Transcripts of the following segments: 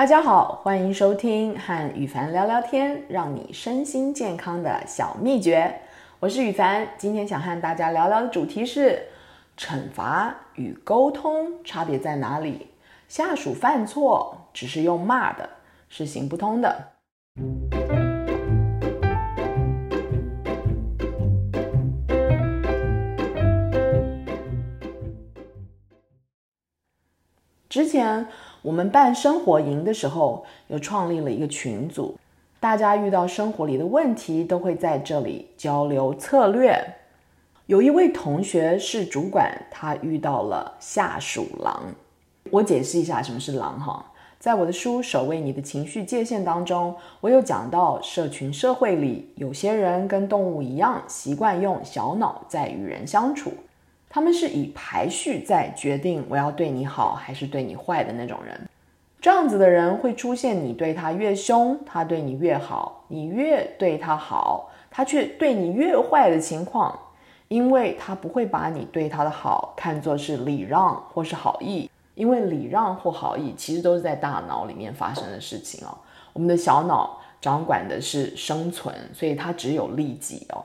大家好，歡迎收聽和宇凡聊聊天，讓你身心健康的小秘訣。我是宇凡，今天想和大家聊聊的主題是懲罰與溝通差別在哪裡？下屬犯錯，只是用罵的，是行不通的。之前，我們辦生活營的時候，又創立了一個群組，大家遇到生活裡的問題，都會在這裡交流策略。有一位同學是主管，他遇到了下屬狼。我解釋一下什麼是狼哈，在我的書《守衛你的情緒界限》當中，我有講到，社群社會裡有些人跟動物一樣，習慣用小腦在與人相處。他們是以排序在決定我要對你好還是對你壞的那種人，這樣子的人會出現你對他越凶，他對你越好；你越對他好，他卻對你越壞的情況，因為他不會把你對他的好看作是禮讓或是好意，因為禮讓或好意其實都是在大腦裡面發生的事情哦。我們的小腦掌管的是生存，所以它只有利己哦。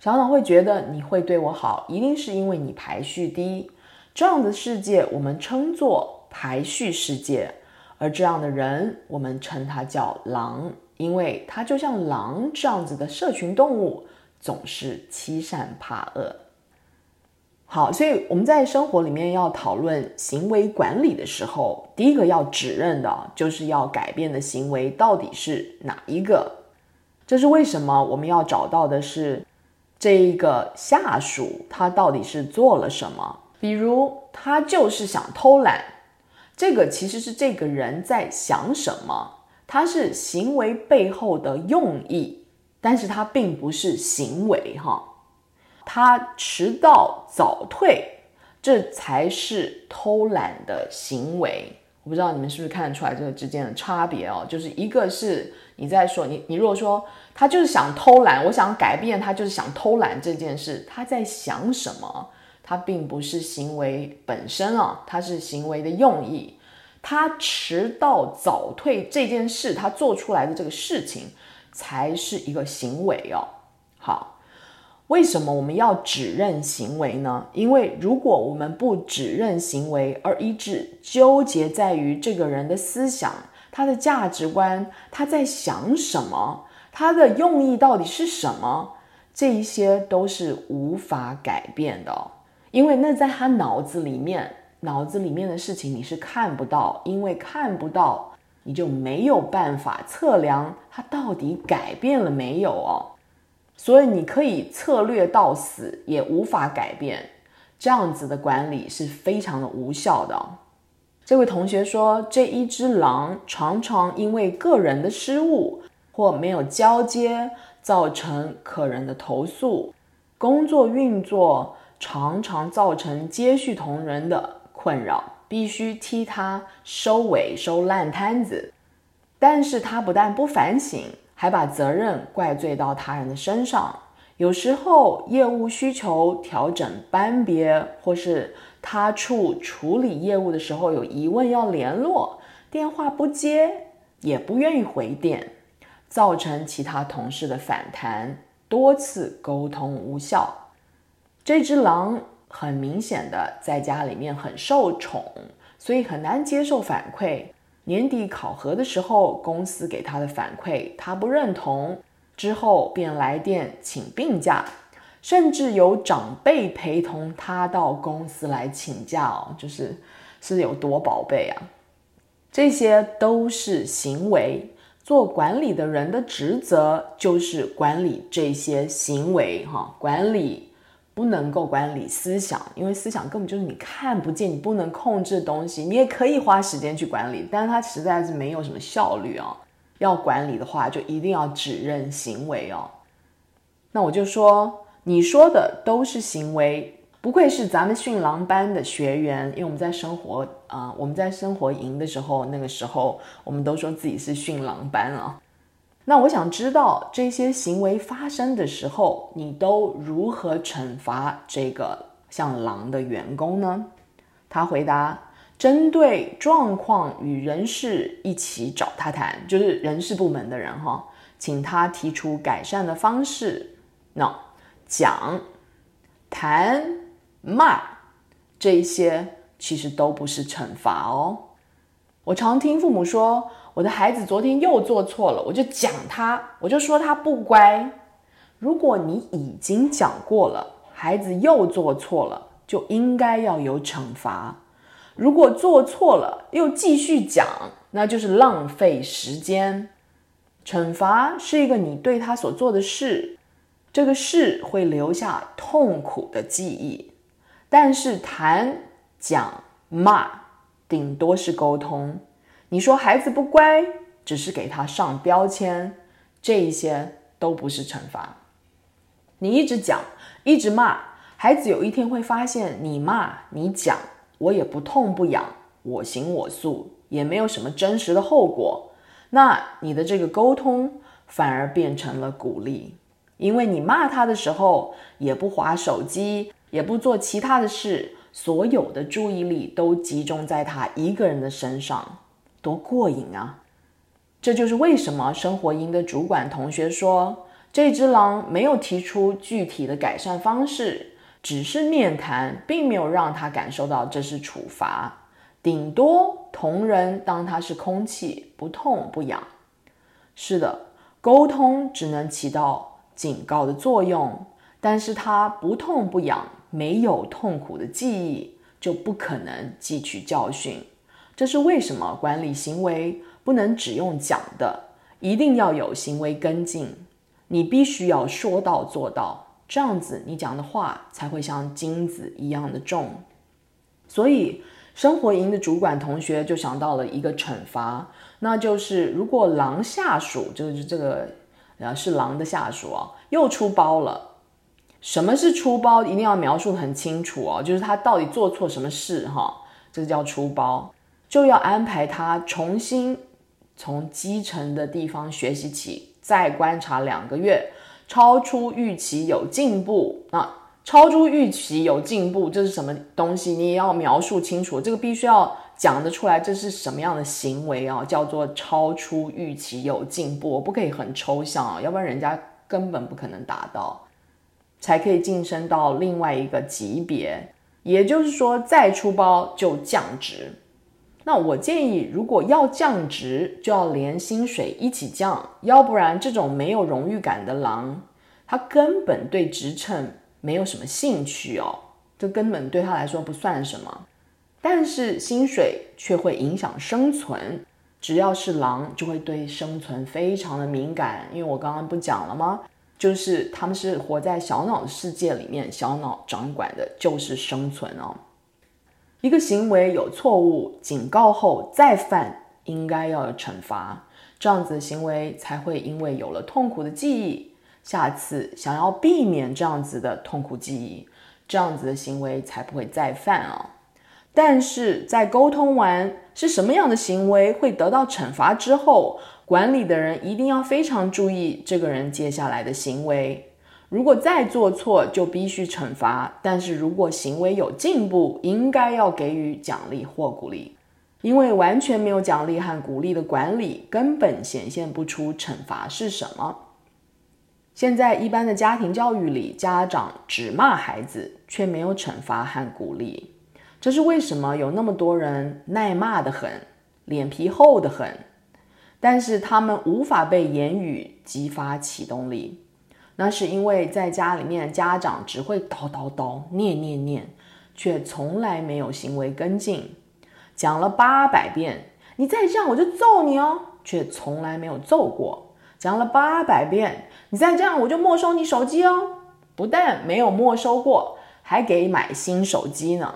小狼會覺得你會對我好，一定是因為你排序低。這樣的世界我們稱作排序世界，而這樣的人我們稱他叫狼，因為他就像狼這樣子的社群動物，總是欺善怕惡。好，所以我們在生活裡面要討論行為管理的時候，第一個要指認的就是要改變的行為到底是哪一個？這是為什麼我們要找到的是？這個下屬他到底是做了什麼？比如他就是想偷懶，這個其實是這個人在想什麼？他是行為背後的用意，但是他並不是行為哈。他遲到早退，這才是偷懶的行為。我不知道你們是不是看得出來這個之間的差別哦？就是一個是你在說，你你如果說。他就是想偷懶，我想改變他就是想偷懶這件事，他在想什麼？他並不是行為本身啊，他是行為的用意。他遲到早退這件事，他做出來的這個事情才是一個行為哦、啊。好，為什麼我們要指認行為呢？因為如果我們不指認行為，而一直糾結在於這個人的思想、他的價值觀、他在想什麼？他的用意到底是什麼？這一些都是無法改變的，因為那在他腦子裡面，腦子裡面的事情你是看不到，因為看不到，你就沒有辦法測量他到底改變了沒有哦，所以你可以策略到死，也無法改變。這樣子的管理是非常的無效的。這位同學說，這一隻狼常常因為個人的失誤。或沒有交接，造成客人的投訴；工作運作常常造成接續同仁的困擾，必須替他收尾收爛攤子。但是他不但不反省，還把責任怪罪到他人的身上。有時候業務需求調整班別，或是他處處理業務的時候有疑問要聯絡，電話不接，也不願意回電。造成其他同事的反彈，多次溝通無效。這隻狼很明顯的在家裡面很受寵，所以很難接受反饋。年底考核的時候，公司給他的反饋，他不認同，之後便來電請病假，甚至有長輩陪同他到公司來請假，就是是有多寶貝啊！這些都是行為。做管理的人的職責就是管理這些行為、啊，哈，管理不能夠管理思想，因為思想根本就是你看不見，你不能控制的東西。你也可以花時間去管理，但是它實在是沒有什麼效率啊。要管理的話，就一定要指認行為哦、啊。那我就說，你說的都是行為。不愧是咱們訓狼班的學員，因為我們在生活啊、呃，我們在生活營的時候，那個時候我們都說自己是訓狼班啊。那我想知道這些行為發生的時候，你都如何懲罰這個像狼的員工呢？他回答：針對狀況與人事一起找他談，就是人事部門的人哈，請他提出改善的方式。那、no, 講談。罵，這一些其實都不是懲罰哦。我常聽父母說：“我的孩子昨天又做錯了，我就講他，我就說他不乖。”如果你已經講過了，孩子又做錯了，就應該要有懲罰。如果做錯了又繼續講，那就是浪費時間。懲罰是一個你對他所做的事，這個事會留下痛苦的記憶。但是談、講、罵，頂多是溝通。你說孩子不乖，只是給他上標籤，這一些都不是懲罰。你一直講，一直罵，孩子有一天會發現你罵你講，我也不痛不癢，我行我素，也沒有什麼真實的後果。那你的這個溝通反而變成了鼓勵，因為你罵他的時候也不滑手機，也不做其他的事，所有的注意力都集中在他一個人的身上，多過癮啊！這就是為什麼生活營的主管同學說，這隻狼沒有提出具體的改善方式，只是面談，並沒有讓他感受到這是處罰，頂多同仁當他是空氣，不痛不癢。是的，溝通只能起到警告的作用，但是他不痛不癢。沒有痛苦的記憶，就不可能汲取教訓。這是為什麼，管理行為不能只用講的，一定要有行為跟進。你必須要說到做到，這樣子你講的話才會像金子一樣的重。所以，生活營的主管同學就想到了一個懲罰，那就是如果狼下屬，就是這個，呃，是狼的下屬啊、哦，又出包了。什麼是出包？一定要描述很清楚哦，就是他到底做錯什麼事哈，這個叫出包，就要安排他重新從基層的地方學習起，再觀察兩個月，超出預期有進步啊，超出預期有進步，這是什麼東西？你也要描述清楚，這個必須要講得出來，這是什麼樣的行為哦，叫做超出預期有進步，我不可以很抽象啊，要不然人家根本不可能達到。才可以晉升到另外一個級別，也就是說，再出包就降職。那我建議，如果要降職，就要連薪水一起降，要不然這種沒有榮譽感的狼，他根本對職稱沒有什麼興趣哦，這根本對他來說不算什麼，但是薪水卻會影響生存。只要是狼，就會對生存非常的敏感，因為我剛剛不講了嗎？就是他們是活在小腦的世界裡面，小腦掌管的就是生存哦。一個行為有錯誤，警告後再犯，應該要有懲罰，這樣子的行為才會因為有了痛苦的記憶，下次想要避免這樣子的痛苦記憶，這樣子的行為才不會再犯哦，但是在溝通完是什麼樣的行為會得到懲罰之後，管理的人一定要非常注意這個人接下來的行為。如果再做錯，就必須懲罰；但是如果行為有進步，應該要給予獎勵或鼓勵。因為完全沒有獎勵和鼓勵的管理，根本顯現不出懲罰是什麼。現在一般的家庭教育裡，家長只罵孩子，卻沒有懲罰和鼓勵。這是為什麼？有那麼多人耐罵得很，臉皮厚得很。但是他們無法被言語激發起動力，那是因為在家裡面，家長只會叨叨叨叨、念念念，卻從來沒有行為跟進。講了八百遍，你再這樣我就揍你哦，卻從來沒有揍過。講了八百遍，你再這樣我就沒收你手機哦，不但沒有沒收過，還給買新手機呢。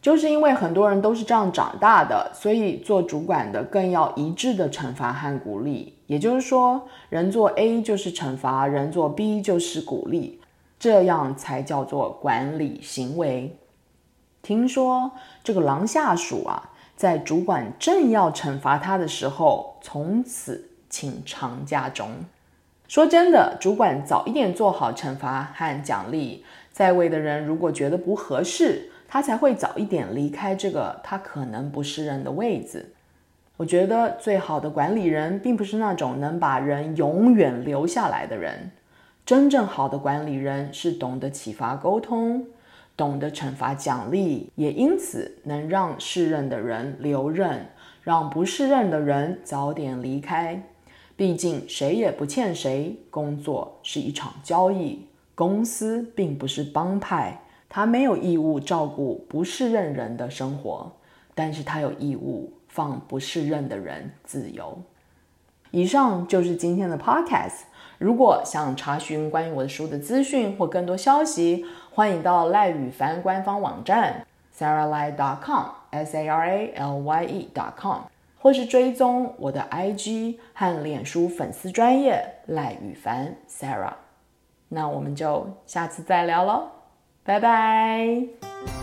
就是因為很多人都是這樣長大的，所以做主管的更要一致的懲罰和鼓勵。也就是說，人做 A 就是懲罰，人做 B 就是鼓勵，這樣才叫做管理行為。聽說這個狼下屬啊，在主管正要懲罰他的時候，從此請長假中。說真的，主管早一點做好懲罰和獎勵，在位的人如果覺得不合適。他才會早一點離開這個他可能不適任的位置。我覺得最好的管理人，並不是那種能把人永遠留下來的人。真正好的管理人是懂得啟發溝通，懂得懲罰獎勵，也因此能讓適任的人留任，讓不適任的人早點離開。畢竟誰也不欠誰，工作是一場交易，公司並不是幫派。他沒有義務照顧不適任人的生活，但是他有義務放不適任的人自由。以上就是今天的 podcast。如果想查詢關於我的書的資訊或更多消息，歡迎到賴宇凡官方網站 saralye.com s a r a l y e dot com，或是追蹤我的 IG 和臉書粉絲專業賴宇凡 Sarah。那我們就下次再聊嘍。拜拜。